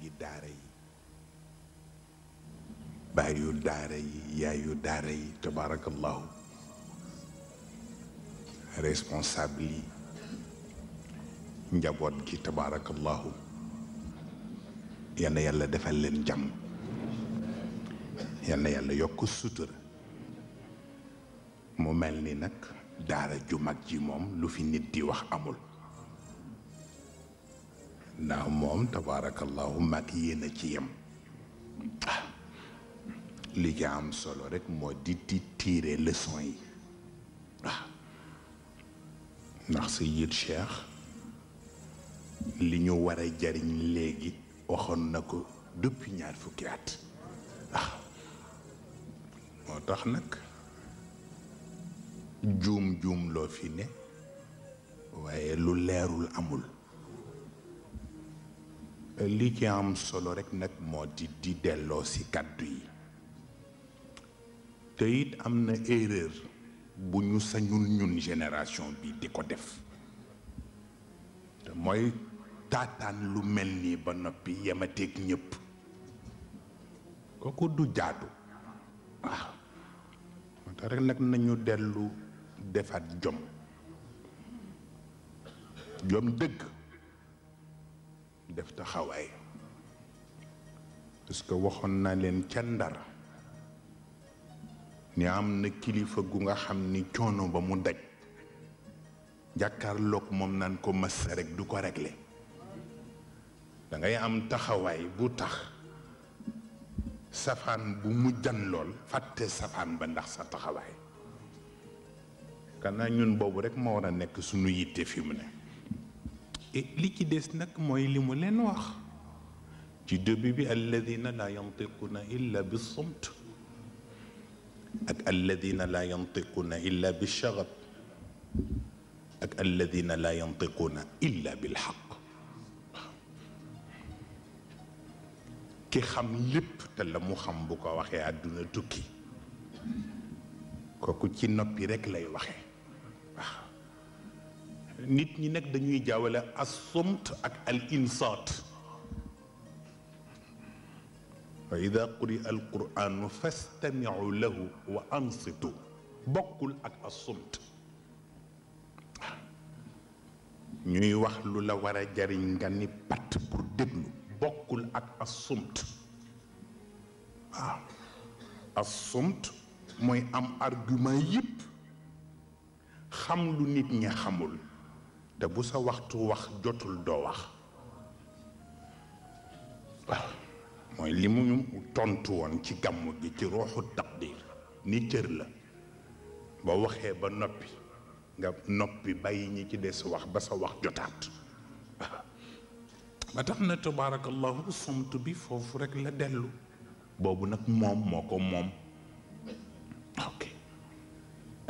gi daara yi baayu daara yi yaayu daara yi tabaarakallahu responsable yi njaboot gi tabaarakallahu yenn yàlla defal leen jàmm yenn yàlla yokk sutura mu mel ni nag daara ju mag ji moom lu fi nit di wax amul ndax moom tabaarakallahu mag yéen a ci yem li ca am solo rek moo di di tiire leçon yi waaw ndax Seyid Cheikh li ñu war a jariñ léegi waxoon na ko depuis ñaar fukki at waaw moo tax nag juum juum loo fi ne waaye lu leerul amul li ci am solo rek nag moo di di delloo si kàddu yi te am na erreur bu ñu sañul ñun génération bi di ko def te mooy taataan lu mel nii ba noppi yemateeg ñépp kooku du jaatu waaw moo tax rek nag nañu dellu defaat jom jom dëgg def xaway parce que waxon na len ci Ndar ni am na kilifa gu nga xamni ciono ba mu daj lok mom nan ko mass rek du ko régler da ngay am taxaway bu tax safan bu jann lol fàtte safan ba ndax sa taxaway kana ñun bobu rek mo wara nek suñu yitte fi mu nek li ci des nag mooy li mu leen wax ci début bi alladina laa yantiquna illa bi sumt ak alladina laa yantiquna illa bi shagab ak alladina laa yantiquna illa bil xaq ki xam lépp te la mu xam bu ko waxee àdduna tukki kooku ci noppi rek lay waxee nit ñi nag dañuy jaawale assomt ak al insaat wa ida quri al quranu fastamiu lahu wa ansitu bokkul ak assomt ñuy wax lu la war jariñ nga ni pat pour déglu bokkul ak assomt waaw assomt mooy am argument yëpp xam lu nit ñi xamul te bu sa waxtu wax jotul doo wax waaw mooy li mu tontu woon ci gàmmu gi ci ruuxu taqdir ni cër la boo waxee ba noppi nga noppi bàyyi ñi ci des wax ba sa wax jotaat waaw ba tax na tabaarakallahu somt bi foofu rekk la dellu boobu nag moom moo ko moom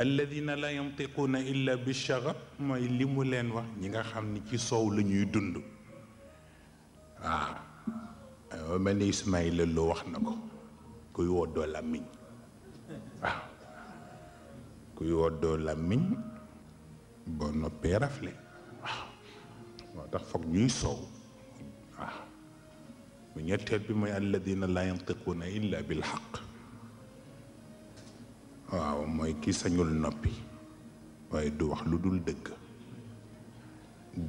الذين لا ينطقون الا بالشغب ما اللي مولين واخ نيغا خامني كي سوو لا نيو دوند اه, آه، ملي اسماعيل لو واخ نكو كوي ودو لامين آه. كوي ودو لامين بونو بيرافلي واخ فوك نيو سوو من يتهد بما الذين لا ينطقون الا بالحق waaw mooy ki sañul noppi waaye du wax lu dul dëgg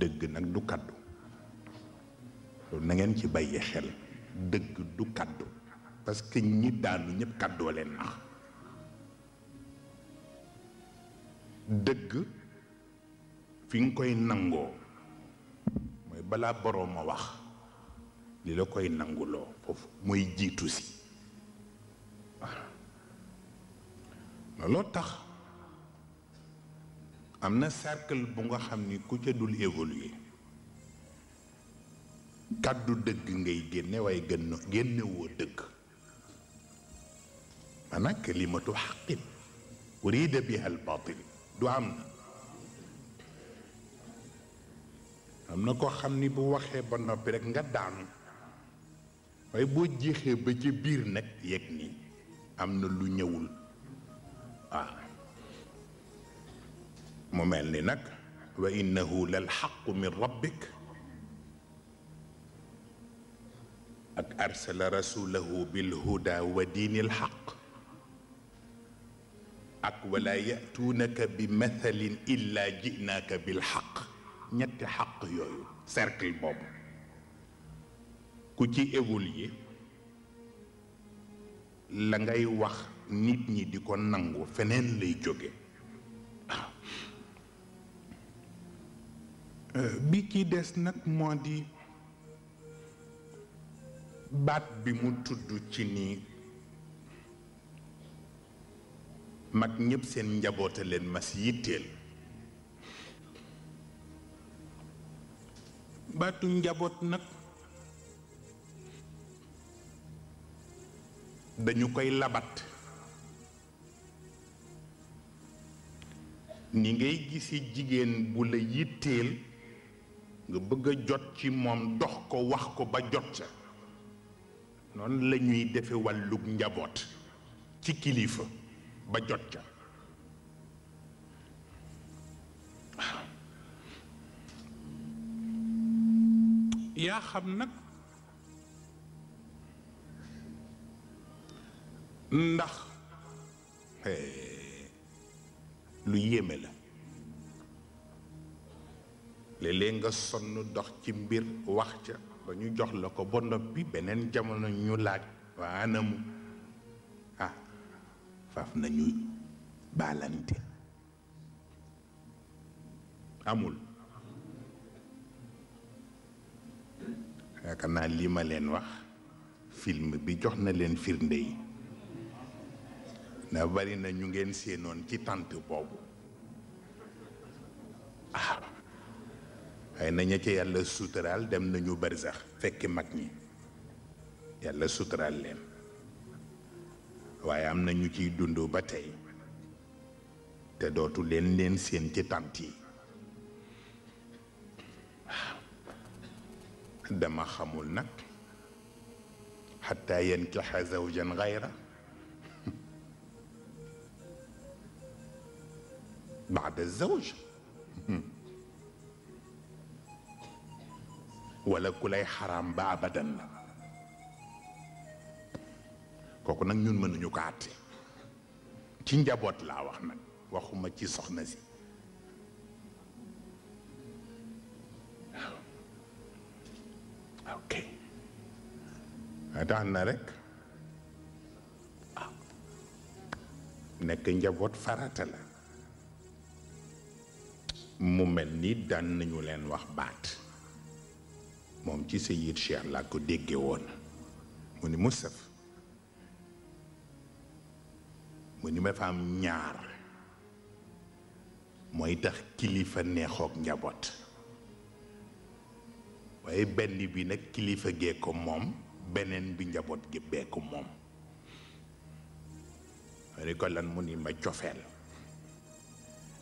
dëgg nag du kaddu loolu nangeen ci bàyyi xel dëgg du kàddu parce que ñi daanu ñëpp kaddoo leen nax dëgg fi nga koy nangoo mooy balaa boroom a wax li la koy nanguloo foofu mooy jiitu si looloo tax am na cercle bu nga xam ni ku ca dul évoluer kàddu dëgg ngay génne waaye gën génne woo dëgg maanaam kalimatu xaqin urida biha batil du am na am na koo xam ni bu waxee ba noppi rek nga daanu way boo jeexee ba ca biir nag yegg ni am na lu ñëwul waaw mu mel ni nag wa innahu lal xaqu min rabbik ak arsala rasulahu bilhuda wa diini lxaq ak wala yatuunaka bi mathalin illa jinaaka bilxaq ñetti xaq yooyu cercle boobu ku ci évoluer la ngay wax nit ñi di ko nangu feneen lay jóge euh, bi ci des nag moo di baat bi mu tudd ci nii mag ñépp seen njaboota leen mas yitteel baatu njaboot nag dañu koy labat ni ngay gisi jigéen bu la yitteel nga bëgg a jot ci moom dox ko wax ko ba jot ca noonu lañuy ñuy defe wàllug njaboot ci kilifa ba jot ca yaa xam nag ndax lu yéeme la léeg nga sonn dox ci mbir wax ca ba ñu jox la ko ba noppi beneen jamono ñu laaj waa anamu ah faaf nañu baalante amul yaakaar naa li ma leen wax film bi jox na leen firnde yi na bari na ñu ngeen séenoon ci tant boobu ah waaye na ña yàlla suturaal dem nañu barsax fekki mag ñi yàlla suturaal leen waaye am na ñu ciy dund ba tey te dootu leen leen séen ci tànt yi dama xamul nag xataa jenn zawjan gayra بعد الزوج ولا كلي حرام بابدا كوكو نك نون من نيو كاتي تي نجابوت لا واخنا واخوما تي سخنا سي اوكي ادان رك آه. نك نجابوت فراتلا mu mel ni daan nañu leen wax baat moom ci Seyid Cheikh laa ko dégge woon mu ni Moustapha mu ni ma fa ñaar mooy tax kilifa neexook njaboot waaye benn bi nag kilifa gee ko moom beneen bi njaboot gi bee ko moom ma ni ko lan mu ni ma cofeel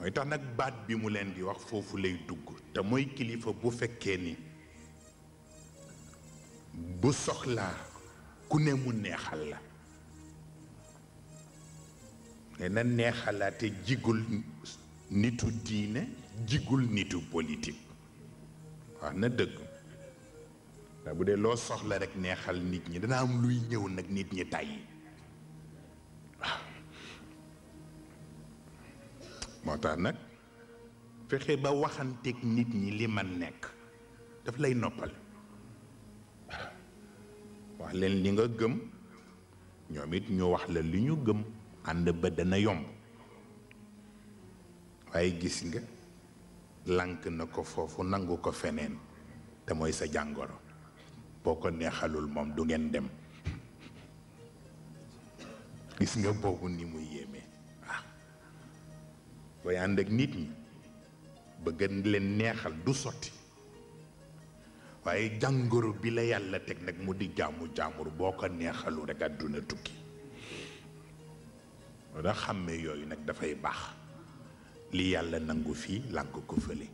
mooy tax nag baat bi mu leen di wax foofu lay dugg te mooy kilifa bu fekkee ni bu soxlaa ku ne mu neexal la ne na neexalaate jigul nitu diine jigul nitu politik wax na dëgg ndax bu dee loo soxla rekk neexal nit ñi dana am luy ñëw nag nit ñi tàyyi motax nak fexé ba waxanté nit ñi li man nek daf lay noppal wax leen li nga gëm ñomit ñu wax la li ñu gëm and ba dana yomb waye gis nga lank na ko nangu ko fenen te moy sa jangoro boko neexalul mom du ngeen dem gis nga bobu ni muy yeme. booy ànd ak nit ñi bëgg leen neexal du sotti waaye jàngoro bi la yàlla teg nag mu di jaamu jaamur boo ko neexalu rek àdduna tukki moo tax xàmme yooyu nag dafay baax li yàlla nangu fii lànk ko fële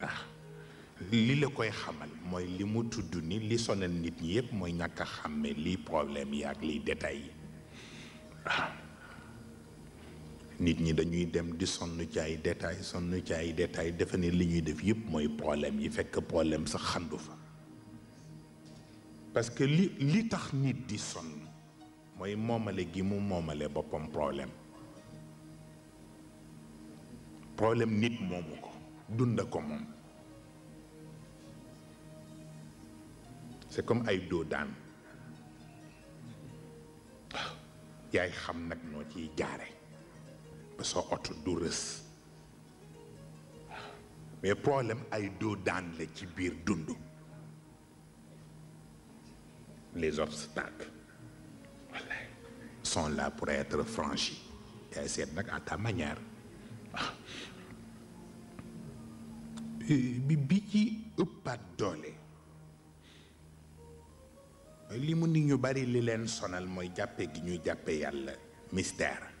ah, li la koy xamal mooy li mu tudd ni li sonal nit ñi yépp mooy ñàkk a xàmme liy problème yi ak liy détails yi ah. nit ñi dañuy dem di sonn ci ay détail sonn ci ay détail defe ne li ñuy def yëpp mooy problème yi fekk problème sax xandu fa parce que li li tax nit di sonn mooy moomale gi mu moomale boppam problème problème nit moomu ko dunda ko moom c'est comme ay doo daan yaay xam nag noo ciy jaare Mais ça autre rës mais problème ay do dan le ci bir dundu. les obstacles sont là pour être franchis yaay seet à ta manière bi bi ci ëppaat doole li nit ñu bari li len sonal moy jappé gi ñu jappé yalla mystère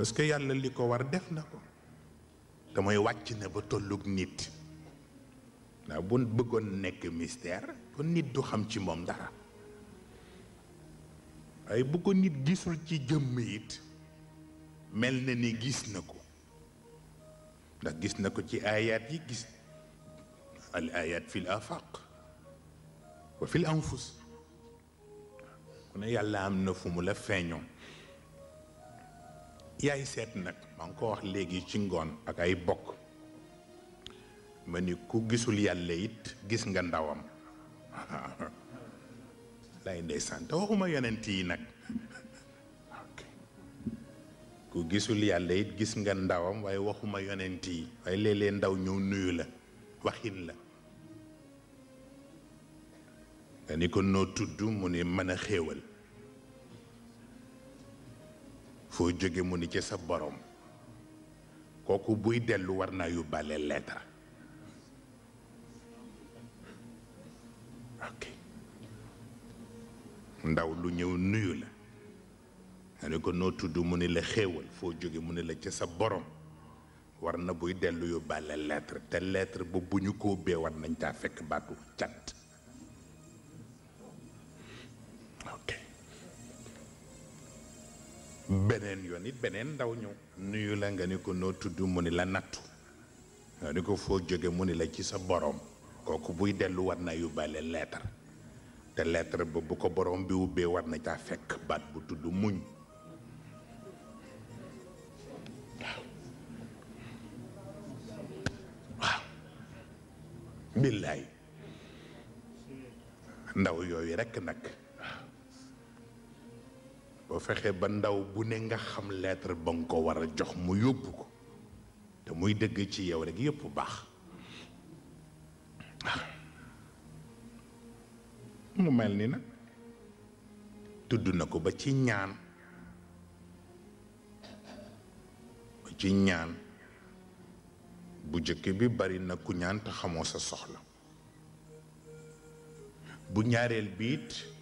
parce que yàlla li ko war def na ko te mooy wàcc na ba tollug nit ndax bu bëggoon nekk mystère kon nit du xam ci moom dara waaye bu ko nit gisul ci jëmm it mel na ni gis na ko ndax gis na ko ci ayat yi gis al ayat fi l afaq wa fi l anfus ku ne yàlla am na fu mu la feeñoon yaay seet nag maa ngi ko wax léegi ci ngoon ak ay bokk ma ni ku gisul yàlla it gis nga ndawam lay ndeysaan te waxuma yonent yi nag ku gisul it gis nga ndawam waaye waxuma yonent yi waaye léeg ndaw ñëw nuyu la waxin la nga ni ko noo tudd mu ne mën a xéewal foo jóge mu ni ca sa borom kooku buy dellu war naa yóbbaale lettre ndaw lu ñëw nuyu la nga ne ko noo tudd mu ni la xéewal foo jóge mu ni la ca sa borom war na buy dellu yóbbaale lettre te lettre ba bu ñu ko ubbee war nañ caa fekk baatu cant beneen yoon it beneen ndaw ñëw nuyu la nga ni ko noo tudd mu ni la nattu nga ni ko foo jóge mu ni la ci sa borom kooku buy dellu war naa yóbbaale lettre te lettre ba bu ko borom bi ubbee war na caa fekk baat bu tudd muñ waaw waaw billaay ndaw yooyu rekk nag ba fexe ba ndaw bu ne nga xam lettre ba nga ko war a jox mu yóbbu ko te muy dëgg ci yow rek yëpp baax mu mel ni nag tudd na ko ba ci ñaan ba ci ñaan bu jëkk bi bari na ku ñaan te xamoo sa soxla bu ñaareel biit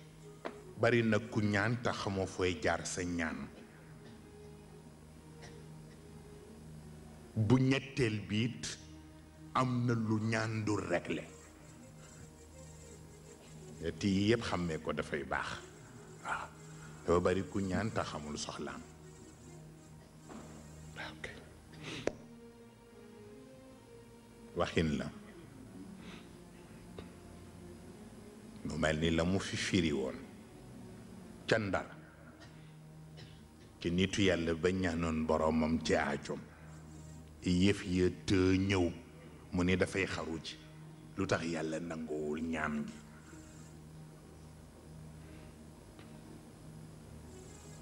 bari na ku ñaan ta xamoo fooy jaar sa ñaan bu ñetteel biit am na lu ñaan du réglé te yii yëpp xàmmee ko dafay baax waaw dafa bari ku ñaan ta xamul soxlaam waxin la mu mel ni la mu fi firi woon ca ndar ci nitu yàlla ba ñaanoon boromam ci aajom yëf ya të ñëw mu ni dafay xaru ci lu tax yàlla nanguwul ñaam gi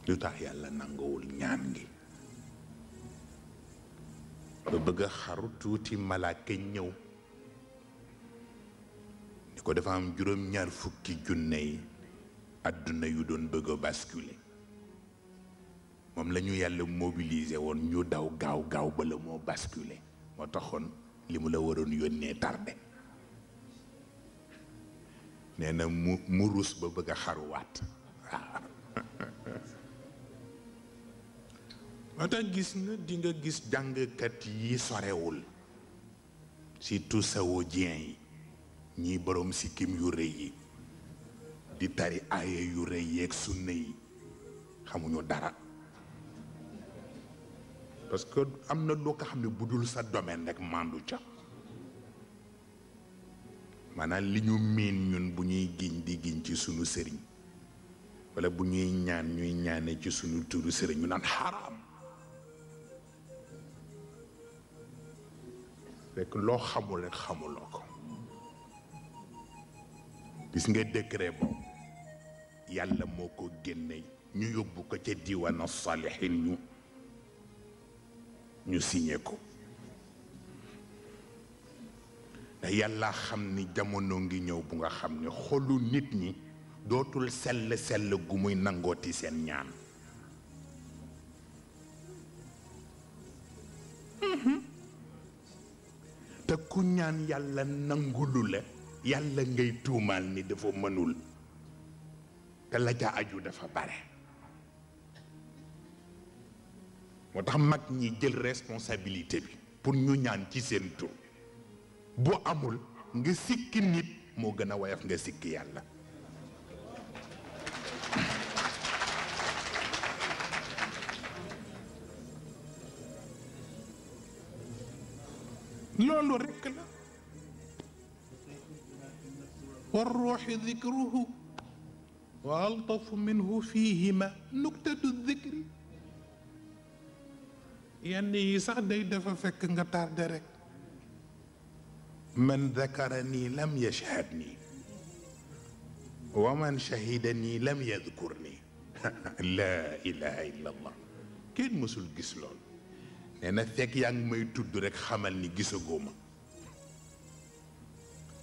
lu tax yàlla nanguwul ñaam gi ba bëgg a xaru tuuti malaaka ñëw ni ko dafa am juróom-ñaar fukki junne yi àdduna yu doon bëgg a moom lañu yàlla mobiliser woon ñu daw gaaw gaaw ba la moo basculer moo taxoon li mu la waroon yónnee tardé nee na ba bëgg a xaruwaat waaw moo tax gis na di nga gis jàngkat yi sorewul surtout sawo jien yi ñii boroom sikkim yu rëy yi di tari aaye yu rëy yeeg sunna yi xamuñu dara parce que am na loo ko xam ne bu dul sa domaine rek mandu ca maanaam li ñu miin ñun bu ñuy giñ di giñ ci sunu sëriñ walla bu ñuy ñaan ñuy ñaane ci sunu turu sëriñ ñu naan xaraam rek loo xamul rek xamuloo ko gis nga décret boobu yàlla moo ko génne ñu yóbbu ko ca diiwaana saalihin ñu ñu signé ko te yàlla xam ni jamono ngi ñëw bu nga xam ne xolu nit ñi dootul sell sell gu muy nangooti seen ñaan te ku ñaan yàlla nangulu la yàlla ngay tuumaal ni dafa mënul te la ca aju dafa bare moo mag ñi jël responsabilité bi pour ñu ñaan ci seen tour bu amul nga sikki nit mo gëna a nga sikki yàlla loolu rekk la war ruuxi dikruhu وألطف منه فيهما نكتة الذكر يعني سعدي دفا فك نغتار درك من ذكرني لم يشهدني ومن شهدني لم يذكرني لا إله إلا الله كين مسول جسلون نانا فك يانغ مي تود درك خمالني جسو غوما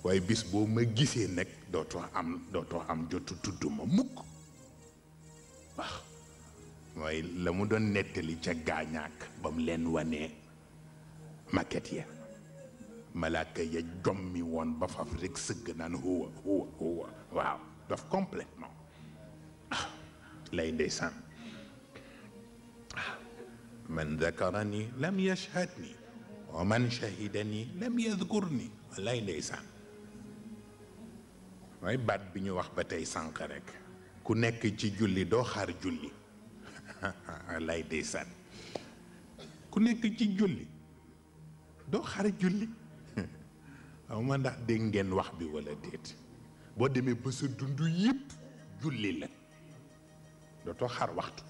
واي بيس بو ما جسي نك dootoo am dootoo am jotu tudd ma mukk waaw mooy la mu doon nettali ca gaañaak ba mu leen wanee maquette ya malaaka ya jommi woon ba faf rek sëgg naan huwa huwa huwa waaw dof complètement lay ndeysaan man dakarani lam yashhadni wa man shahidani lam yadkurni lay ndeysaan mooy baat bi ñu wax ba tey sànq rek ku nekk ci julli doo xaar julli lay deysaan ku nekk ci julli doo xaar julli ndax dégg ngeen wax bi walla déet boo demee ba sa dund yépp julli la dootoo xaar waxtu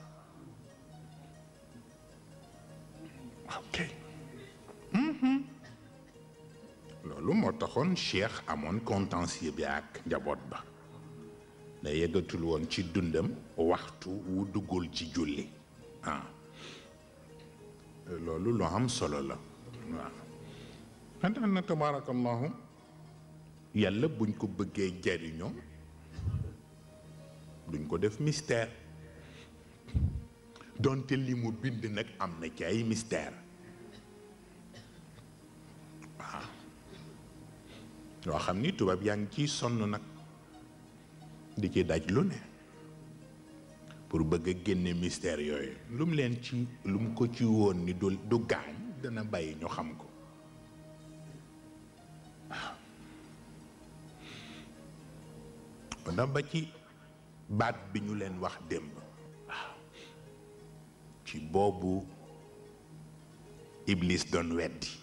ok. Mm-hmm. lolu mo taxone cheikh amone contentie bi ak njaboot ba da yegatul won ci dundam waxtu wu dugul ci julli ah lolu lo am solo la waaw tabarakallah yàlla buñ ko bëggee jariño duñ ko def mystère donte limu bind nak amna ci ay mystère yoo xam ni tubaab yaa ngi ciy sonn nag di ci daj lu ne pour bëgg a génne mystère yooyu lu leen ci lu ko ci woon ni du du gaañ dana bàyyi ñu xam ko waaw ba ci baat bi ñu leen wax démb ci boobu ibliis doon weddi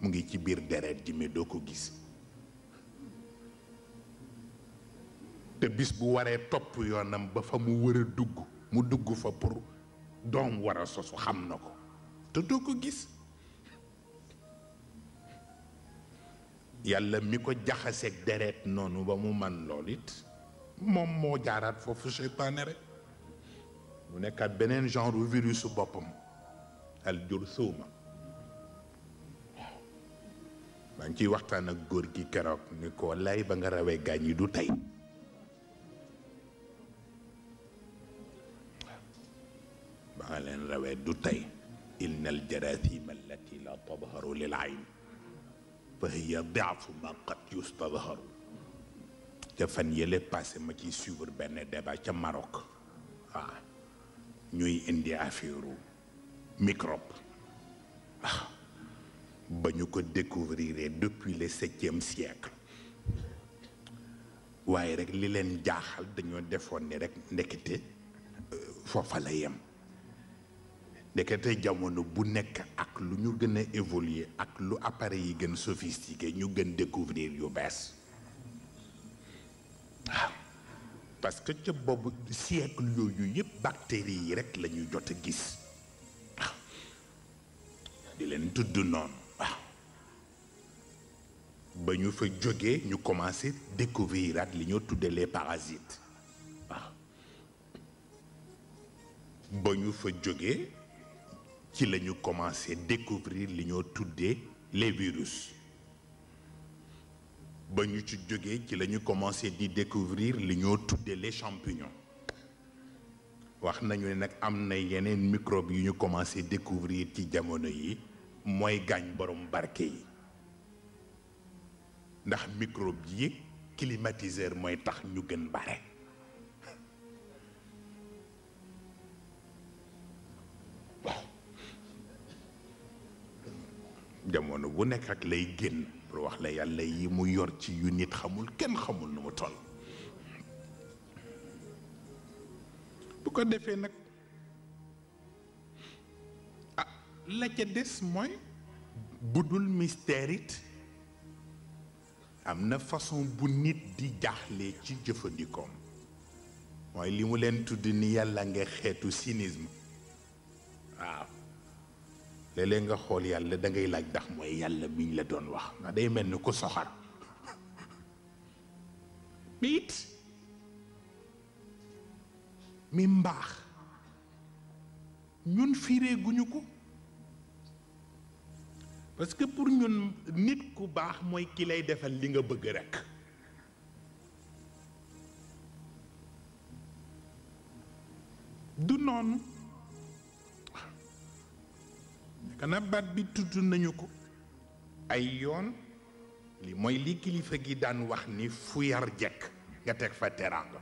mu ngi ci biir deret ji mais doo ko gis te bis bu waree topp yoonam ba fa mu war dugg mu dugg fa pour doom war sosu xam na ko te doo ko gis yàlla mi ko jaxaseeg deret noonu ba mu man lool it moom moo jaaraat foofu seytaane rek mu nekkaat beneen genre virusu boppam aljur jurthuma maa ngi ciy waxtaan ak góor gi keroog ni ko lay ba nga rawee gaañ yi du tey ba nga leen rawee du tey inna aljaraathima allati la tadharu lil ayn fa hiya diafu ma qad yustadharu te fan yële passé ma ciy suivre benn débat ca Maroc waaw ñuy indi affaire microbe waaw ba ñu ko découvrir depuis le 7e siècle waaye rek li leen jaaxal dañoo defoon ni rek ndekete euh, foofa la yem ndekete jamono bu nek ak lu ñu gën évoluer ak lu appareil yi gën sophistiqué ñu gën découvrir yu bees parce que ca bobu siècle yoyu yépp bactéries yi rek la ñu jot a gis di leen tudd non ba ñu fa jógee ñu commencé découvrir ak li les parasites waaw ah. ba ñu fa qu'il ci la ñu commencé découvrir li ñoo les virus ba ñu ci jógee ci la ñu commencé di découvrir li ñoo les champignons wax nañu ne nag des yeneen microbes nous ñu commencé découvrir ci jamono yi gagne gaañ borom ndax microbe yi climatiseur moy tax ñu gën baré waaw jamono bu nek ak lay génn pour wax la yalla yi mu yor ci yu nit xamul kenn xamul nu mu toll bu ko defee nak ah, la ca des moy budul mystère am na façon bu nit di jaaxle ci jëfandikoom mooy li mu leen tudd ni yàlla nga xeetu cynisme waaw léeg-léeg nga xool yàlla da ngay laaj ndax mooy yàlla miñ la doon wax ndax day mel ni ku soxar biit mi mbaax ñun fiiree guñu ko parce que pour ñun nit ku baax mooy ki lay defal li nga bëgg rekk du noonu kana baat bi tudd nañu ko ay yoon li mooy li kilifa gi daan wax ni fu yar jekk nga teg fa teraanga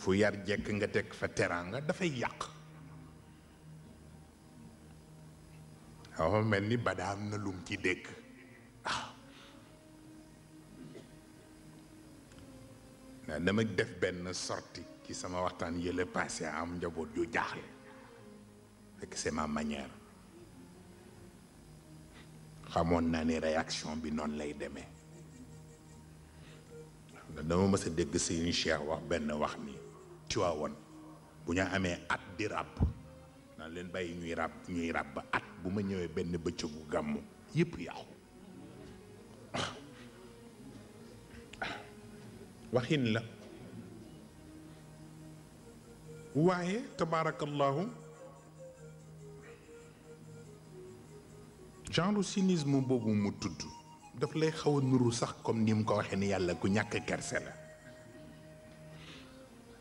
fu yar jekk nga teg fa teraanga dafay yàq dafa mel ni bada am na lum ci dégg waaw ah. ndax dama def benn sorti ci sama waxtaan yële passé am njaboot yu jaaxle fekk c'est ma manière xamoon naa ni réaction bi noonu lay demee ndax dama mës a dégg Serigne Cheikh wax benn wax ni Tiwaawoon bu ñu amee at di ràpp naa leen bàyyi ñuy ràbb ñuy ràbb at bu ma ñëwee benn bëccëgu gàmmu yépp yàqu waxin la waaye tabaarakallaahu genre cynisme boobu mu tudd daf lay xaw a nuru sax comme ni mu ko waxee ni yàlla ku ñàkk kerse la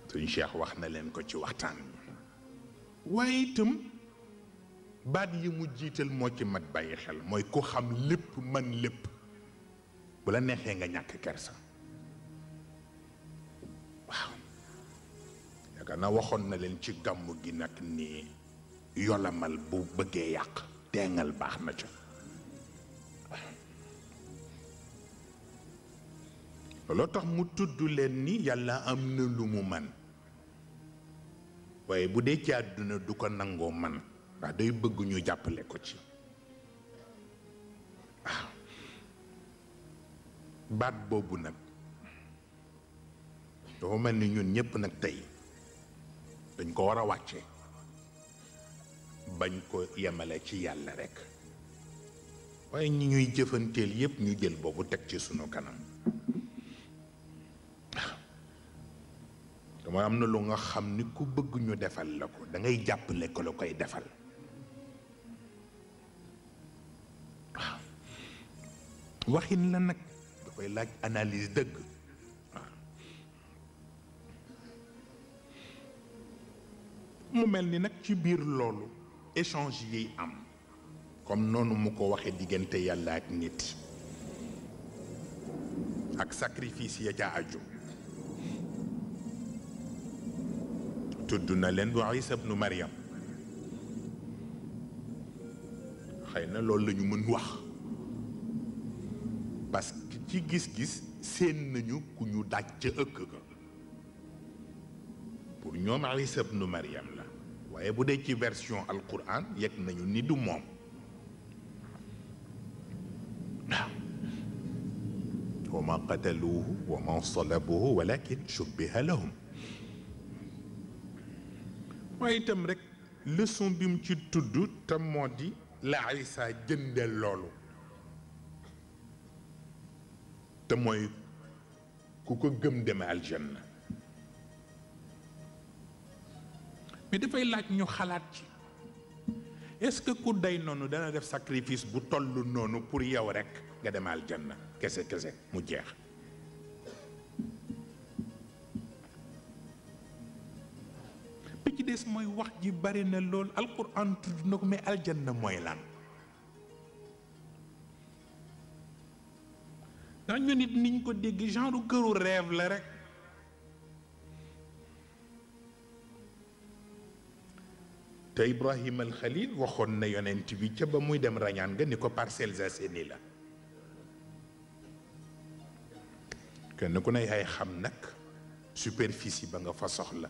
suñ Cheikh wax na leen ko ci waxtaan waaye itam baat yi mu jiital moo ci mat bàyyi xel mooy ko xam lépp man lépp bu la neexee nga ñàkk kersa waaw yaakaar waxoon na leen ci gàmmu gi nag ni yolamal bu bëggee yàq teengal baax na ca looloo tax mu tudd leen ni yàlla am na lu mu man waaye bu dee ci àdduna du ko nangoo man waa day bëgg ñu jàppale ko ci waaw baat boobu nag dafa mel ni ñun ñëpp nag tey dañ ko war a bañ ko yemale ci yàlla rek waaye ñi ñuy jëfanteel yépp ñu jël boobu teg ci sunu kanam dama am na lu nga xam ni ku bëgguñu defal la ko dangay jàpp jàppale la koy defal waxin la nag dafay laaj analyse dëgg mu mel ni nag ci biir loolu échange yiy am comme noonu mu ko waxee diggante yàlla ak nit ak sacrifice ya ca aju تدنا لندو عيسى بن مريم خينا لول نيو من واخ باسكو تي غيس غيس سين نيو كو نيو داج تي اكك بور نيوم عيسى بن مريم لا واي بودي تي فيرسيون القران يك نيو ني دو موم نعم. وما قتلوه وما صلبوه ولكن شبه لهم waaye rek leçon bi mu ci tudd tam modi la Isa jëndeel lolu te mooy ku ko gëm deme aljanna mais fay laaj ñu xalaat ci est-ce que ku day noonu dana def sacrifice bu tollu noonu pour yow rek nga dem al aljanna kese kese mu jeex mooy wax ji bari na lool alquran tudd na ko mais aljanna mooy lan ndax ñu nit niñ ko dégg genre këru rêve la rek te Ibrahima al Khalil waxoon na yonent bi ca ba muy dem rañaan nga ni ko Parcelles Assainies la kenn ku ne yaay xam nag superficie ba nga fa soxla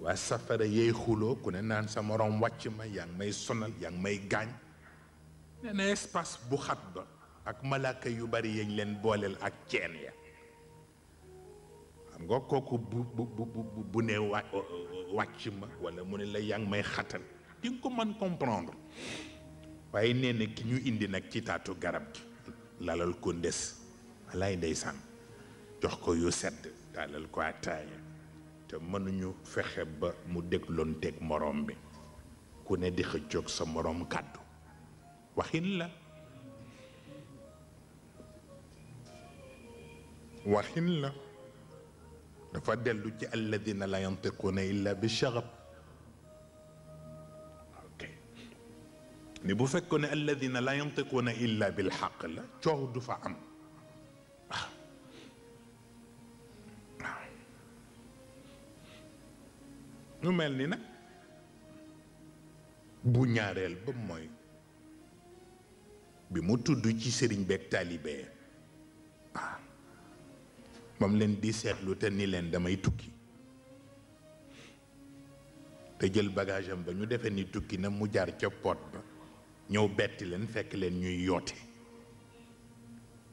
waa safara yeey xuloo ku ne naan sa moroom wàcc ma yaa ngi may sonal yaa ngi may gaañ nee na espace bu xat ba ak malaaka yu bari yañ leen booleel ak ceen ya xam nga kooku bu bu bu bu ne wàcc ma walla mu ne la yaa ngi may xatal di nga ko man comprendre waaye nee na ki ñu indi nag ci taatu garab gi lalal ko ndes alaay ndeysaan jox ko yu sedd dalal ko attaaya te mënuñu fexe ba mu dégloonteeg morom bi ku ne di xëccoog sa morom kàddu waxin la waxin la dafa dellu ci alladina la yantiquuna illa bi shagab ok ni bu fekkoon ne alladina la yantiquuna illa bil xaq la coow du fa am nu mel ni nag bu ñaareel ba mooy bi mu tudd ci sëriñ beeg taalibe waaw ah. moom leen di seetlu te ni leen damay tukki te jël bagage am ba ñu defee ni tukki na mu jaar ca pot ba ñëw betti leen fekk leen ñuy yoote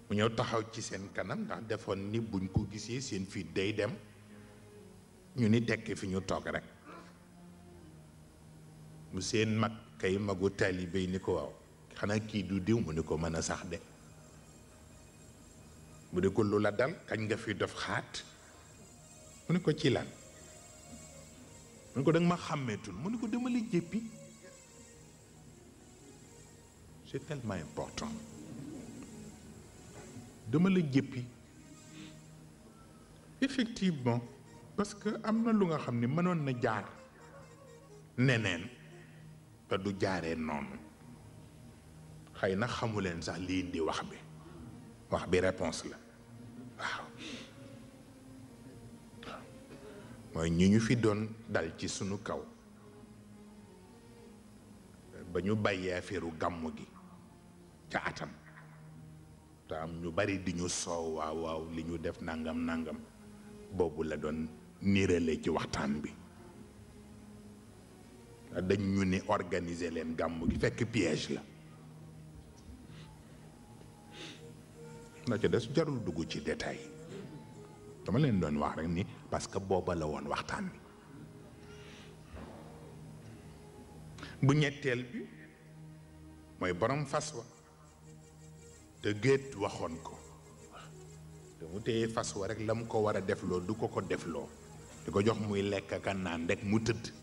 mu ñëw taxaw ci seen kanam ndax defoon ni buñ ko gisee seen fit day dem ñu ni tekki fi ñu toog rek mu seen mag kay magu taalibe ni ko waaw xana ki du diw mu ni ko mën sax de mu de ko lu la dal kañ nga fi def xaat mu ni ko ci lan mu ni ko dang ma xàmmeetul mu ni ko dama li jeppi c'est tellement important dama la jeppi effectivement parce que amna lu nga xamni ne na jaar neneen te du jaaree noonu xëy na xamuleen leen sax li di wax bi wax bi réponse la waaw mooy ñu ñu fi doon dal ci suñu kaw ba ñu bàyyee affaire gàmmu gi ca atam te am ñu bari di ñu soow waaw waaw li ñu def nangam nangam boobu la doon niirale ci waxtaan bi dañ ñu ni organiser leen gàmmu gi fekk piège la na ca des jarul dugg ci détail dama leen doon wax rek ni parce que booba la woon waxtaan bi bu ñetteel bi mooy boroom fas wa te géet waxoon ko te mu téye fas wa rek la mu ko war a defloo du ko ko defloo di ko jox muy lekk ak naan rek mu tëdd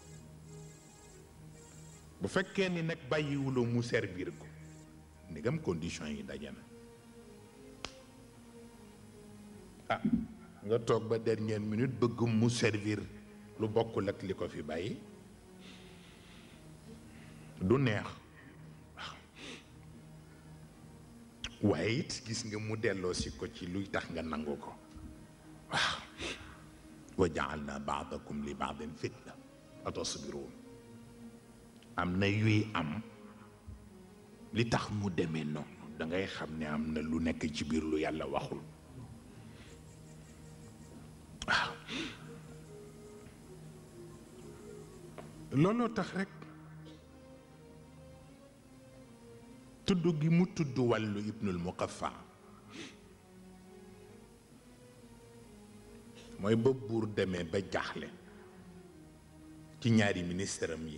Si fekkee ni nag bàyyiwuloo mu servir ko condition ah, ba dernière minute bëgg mu servir lu bokkul ak li fi bàyyi du ah. gis nga mu si ko ci luy tax nga ah. wa am na yuy am li tax mu deme noonu dangay xam ni am na lu nekk ci biir lu yàlla waxul waaw looloo tax rekk tudd gi mu tudd wàllu ibnul muqaffa mooy ba buur demee ba jaaxle ci ñaari ministre yi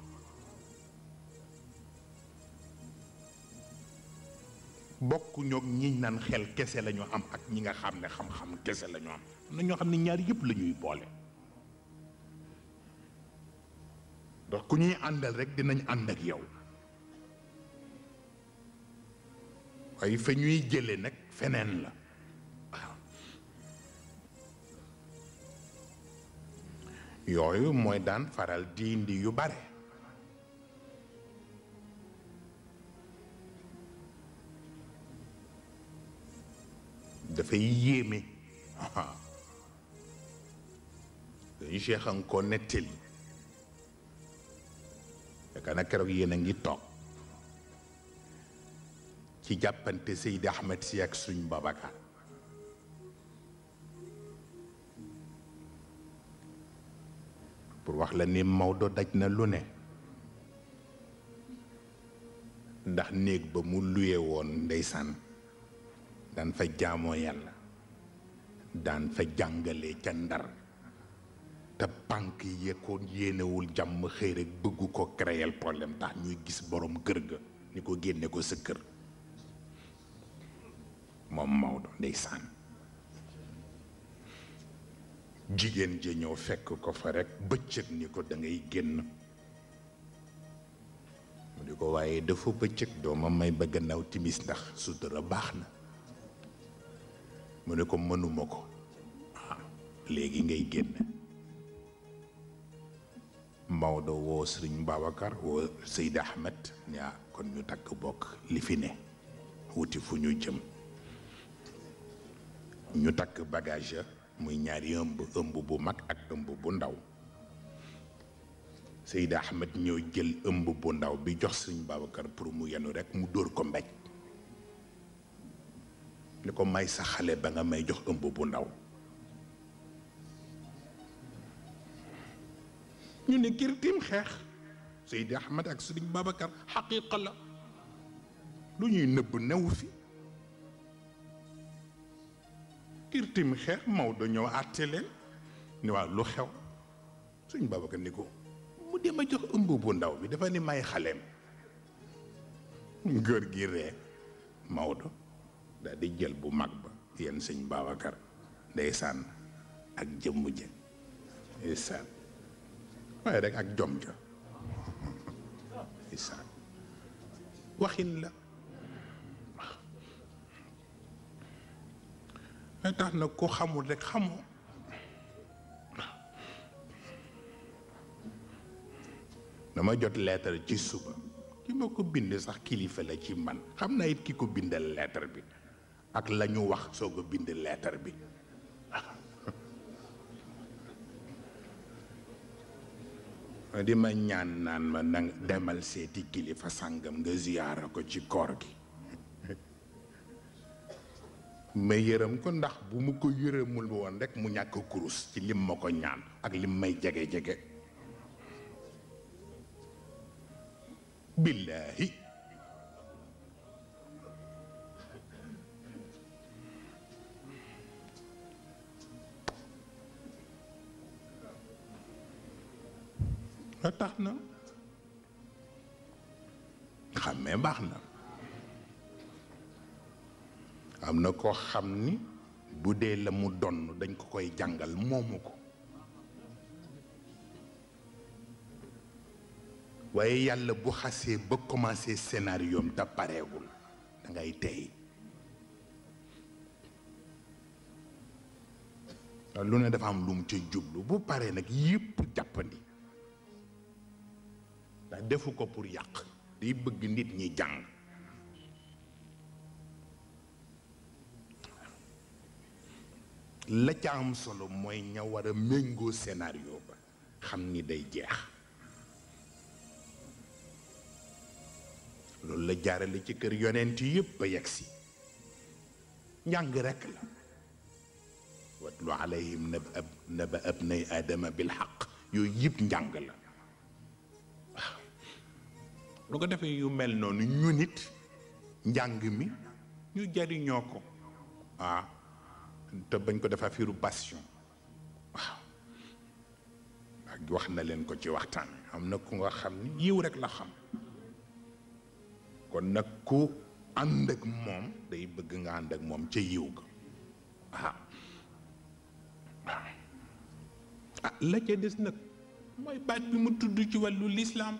bokk ñoog ñi naan xel kese la am ak ñi nga xam ne xam-xam kese la am am na ñoo xam ne ñaar yëpp lañuy boole donc ku ñuy àndal rek dinañ ànd ak yow waaye fa ñuy jële nag feneen la yooyu mooy daan faral di yu bare dafay yéeme dañu Cheikh a nga ko nettali yaakaar na keroog yéen a ngi toog ci jàppante Seydi Ahmed si ak suñ babaka pour wax la ni Maodo daj na lu ne ndax néeg ba mu luye woon ndeysaan Dan fa jamo yalla dan fa jangale ca ndar te bank ye ya ko yéenewul jàmm xëy rek bëggu ko créer problème tax ñuy gis borom geur ga ni ko génne ko sa keur mom mawdo ndeysan jigen je ñoo fekk ko fa rek beccëk ni ko da ngay genn mu di ko dafa beccëk do ma may bëgg naw timis ndax sutura baxna mu ne ko mënuma ko ah, léegi ngay génn Maodo woo Sëriñ Babacar woo Seyd Ahmed ñaa ah, kon ñu takk bokk li fi ne wuti fu ñu jëm ñu takk bagage muy ñaari ëmb ëmb bu mag ak ëmb bu ndaw Seyd Ahmed ñëw jël ëmb bu ndaw bi jox Sëriñ Babacar pour mu yenu rekk mu dóor ko mbéj ni ko may sa xale ba nga may jox ëmb bu ndaw ñu ni kirtim xeex Seydi Ahmad ak Sëriñ Babacar xaqiqa la lu ñuy nëbb newu fi kirtim xeex Maodo ñëw àtte leen ni waaw lu xew Sëriñ Babacar ni ko mu dem a jox ëmb bu ndaw mi dafa ni may xaleem góor gi ree Maodo daldi jël bu mag ba yéen sëñ Babacar sànn ak jëmm ja ndeysaan waaye rek ak jom ja ndeysaan waxin la waaw tax na ko xamul rek xamoo dama jot leetar ci suba ki ma ko bind sax kilifa la ci man xam naa it ki ko bindal lettre bi ak lañu wax soog a bind leetar bi di ma ñaan naan ma demal seeti kilifa sàngam nga ziyaara ko ci koor gi may yërëm ko ndax bu mu ko yërëmul woon rekk mu ñàkk kurus ci lim ma ko ñaan ak lim may jege jege billaahi ba tax na xàmmee baax na am na koo xam ni bu dee la mu donn dañ ko koy jàngal moomu ko waaye yàlla bu xasee ba commencé scénario am te pareewul da ngay tey lu ne dafa am lu mu ca jublu bu paree nag yépp jàppandi ndax defu ko pour yàq day bëgg nit ñi jàng la ca am solo mooy ña war a méngoo scénario ba xam ni day jeex loolu la jaarale ci kër yonent yépp ba yegg si njàng rekk la watlu alayhim naba ab naba abnay aadama bil xaq yooyu yëpp njàng la lu ko defee yu mel noonu ñu it njàng mi ñu jariñoo ko waaw ah, te bañ ko def fiiru passion waaw ak wax na leen ko ci waxtaan am na ku nga xam ni yiw rek la xam kon nag ku ànd ak moom day bëgg nga ànd ak moom ca yiw ga waaw ah. ah la ca des nag mooy baat bi mu tudd ci wàllu lislaam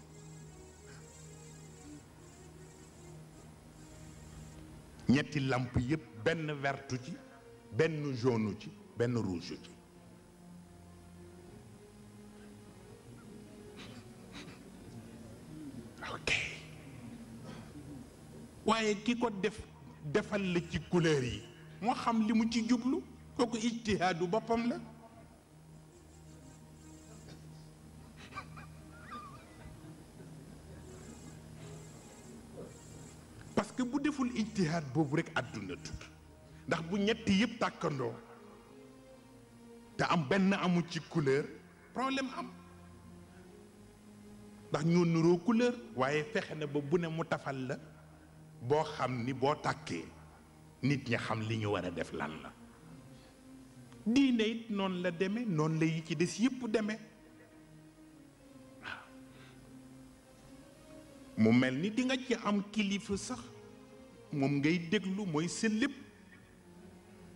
ñetti làmp yépp benn vertu ci benn jaune ci benn rouge ci ok waaye ki ko def defal la ci couleur yi moo xam li mu ci jublu kooku ijtihaadu boppam la que bu deful ijtihaad boobu rek àdduna tut ndax bu ñetti yëpp tàkkandoo te am benn amu ci couleur problème am ndax ñoo nuroo couleur waaye fexe na ba bu ne mu tafal la boo xam ni boo tàkkee nit ña xam li ñu war a def lan la diine it noonu la deme noonu la yi ci des yëpp deme waaw mu mel ni dinga ci am kilifa sax moom ngay déglu mooy seen lépp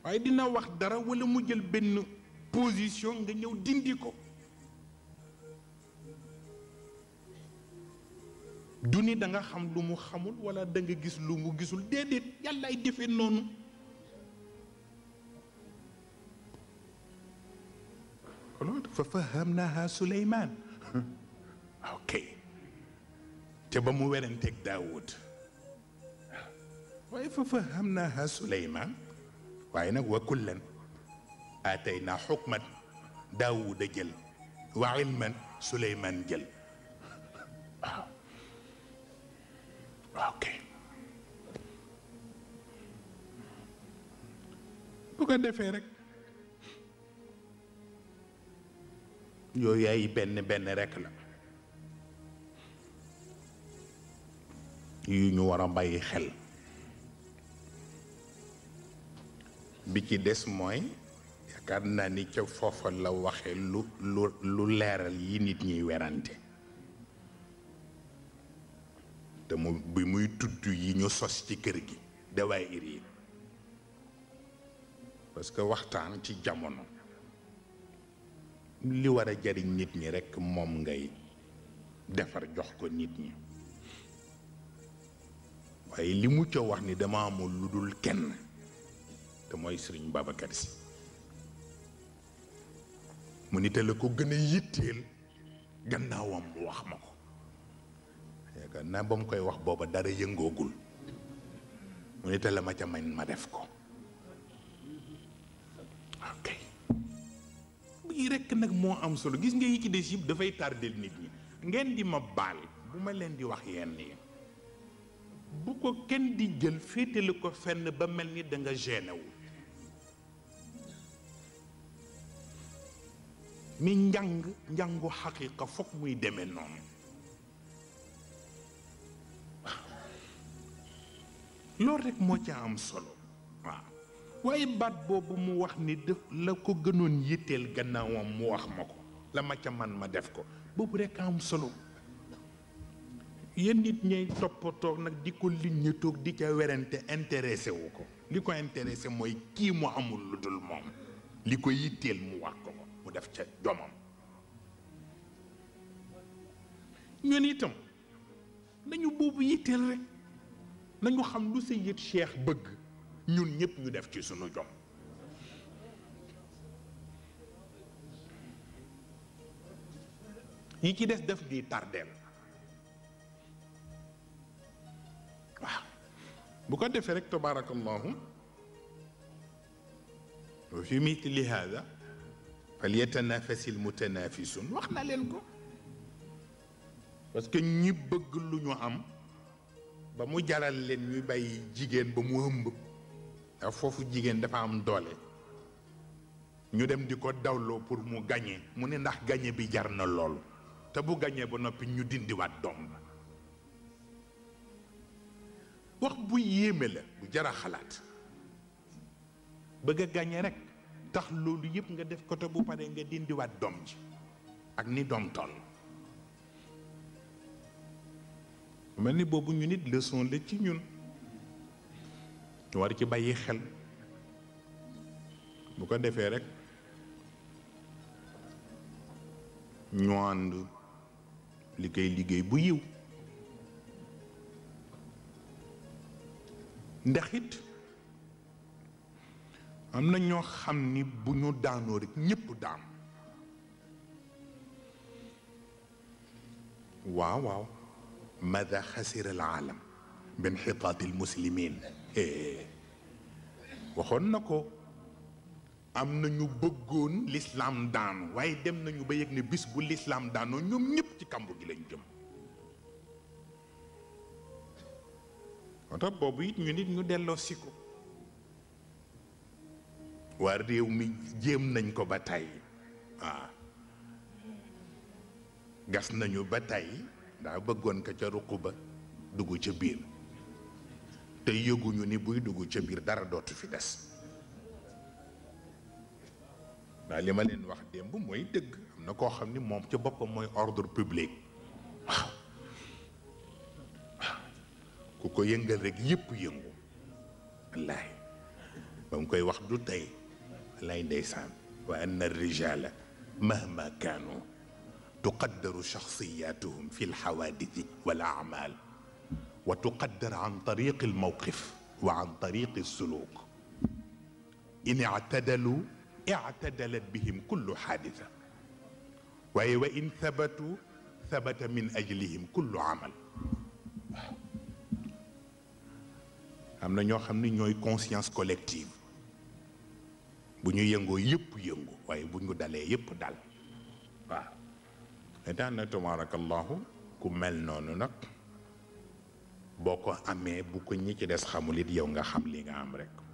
waaye dina wax dara walla mu jël benn position nga ñëw dindi ko duni danga xam lu mu xamul walla danga gis lu mu gisul déedéet yàlla ay defee noonu loolu fa fahamnaha Suleymaan ok te ba mu weranteeg Daawud كيف فهمناها سليمان وعين وكلا اتينا حكما داود جل وعلما سليمان جل آه. اوكي بوكا ديفيرك يو ياي بن بن رك لا يو ني ورا باي خيل bi ci des moy yaakaar ni ci foofa la waxe lu lu leral yi nit ñi werante te mu bi muy tuddu yi ñu sos ci kër gi de way iri parce que waxtaan ci jamono li wara a jariñ nit ñi rek mom ngay defar jox ko nit ñi waaye li mu wax ni dama amul luddul kenn te mooy sëriñ Babacar Si mu ni te la ko gën a yitteel gannaawam mu wax ma ko yaakaar naa ba mu koy wax booba dara yëngoogul mu ni te la ma ca man ma def ko ok bii rekk nag moo am solo gis nga yi des yëpp dafay tardel nit ñi ngeen di ma baal bu ma leen di wax yenn yi bu ko kenn di jël féetale ko fenn ba mel ni da nga mi njàng njàngu xaqiqa foog muy demee noonu loolu rek moo ca am solo waaw waaye baat boobu mu wax ni def la ko gënoon yitteel gannaawam mu wax ma ko la ma ca man ma def ko boobu rek am solo yéen nit ñay toppatoog nag di ko liñ di ca werante intéressé wu ko li ko intéressé mooy kii mu amul lu dul moom li ko yitteel mu wax ko ko def ca doomam ñun itam nañu boobu yitteel rek nañu xam lu Seyyid Cheikh bëgg ñun ñëpp ñu def ci sunu jom yi ci des def di tardeel waaw bu ko defee rek tabarakallahu fi mithli hada fal yetanafasil mutanafisun wax na leen ko parce que ñi bëgg lu ñu am ba mu jaral leen ñuy bàyyi jigéen ba mu ëmb ndax foofu jigéen dafa am doole ñu dem di ko dawloo pour mu gañe mu ne ndax gañe bi jar na loolu te bu gañe ba noppi ñu dindiwaat doom ba wax bu yéeme la bu jara xalaat bëgg a gañe rek tax loolu yëpp nga def ko bu paree nga dindiwaat dom ji ak ni dom toll mel ni boobu ñu nit leçon la ci ñun war ci bàyyi xel bu ko rek am na ñoo xam ni bu ñu daanoo rek ñépp daan waaw waaw ماذا خسر العالم بانحطاط المسلمين waxoon na ko am na ñu bëggoon lislaam daanu waaye dem nañu ba yëg ne bis bu lislaam daanoo ñoom ñëpp ci kambu gi lañ jëm moo tax boobu it ñu nit ñu delloo si ko waa réew mi jéem nañ ko ba tàyyi waaw ah. gas nañu ba tàyyi daa bëggoon ko ca ruq ba dugg ca biir te yëguñu ni buy dugg ca biir dara dootu fi des ndax li ma leen wax démb mooy dëgg am na koo xam ni moom ca boppam mooy ordre public waaw ah. ah. waaw ku ko yëngal rek yépp yëngu wallaay ba mu koy wax du tey علي ديسان وأن الرجال مهما كانوا تقدر شخصياتهم في الحوادث والأعمال وتقدر عن طريق الموقف وعن طريق السلوك إن اعتدلوا اعتدلت بهم كل حادثة وإن ثبتوا ثبت من أجلهم كل عمل أمنا نيو خمني نيو كونسيانس كولكتيف bu ñu yëngoo yépp yëngu waaye bu ñu dalee yëpp dal waaw te daana tabarakallahu ku mel noonu nag boo ko amee bu ko ñi ci des xamul it yow nga xam li nga am rek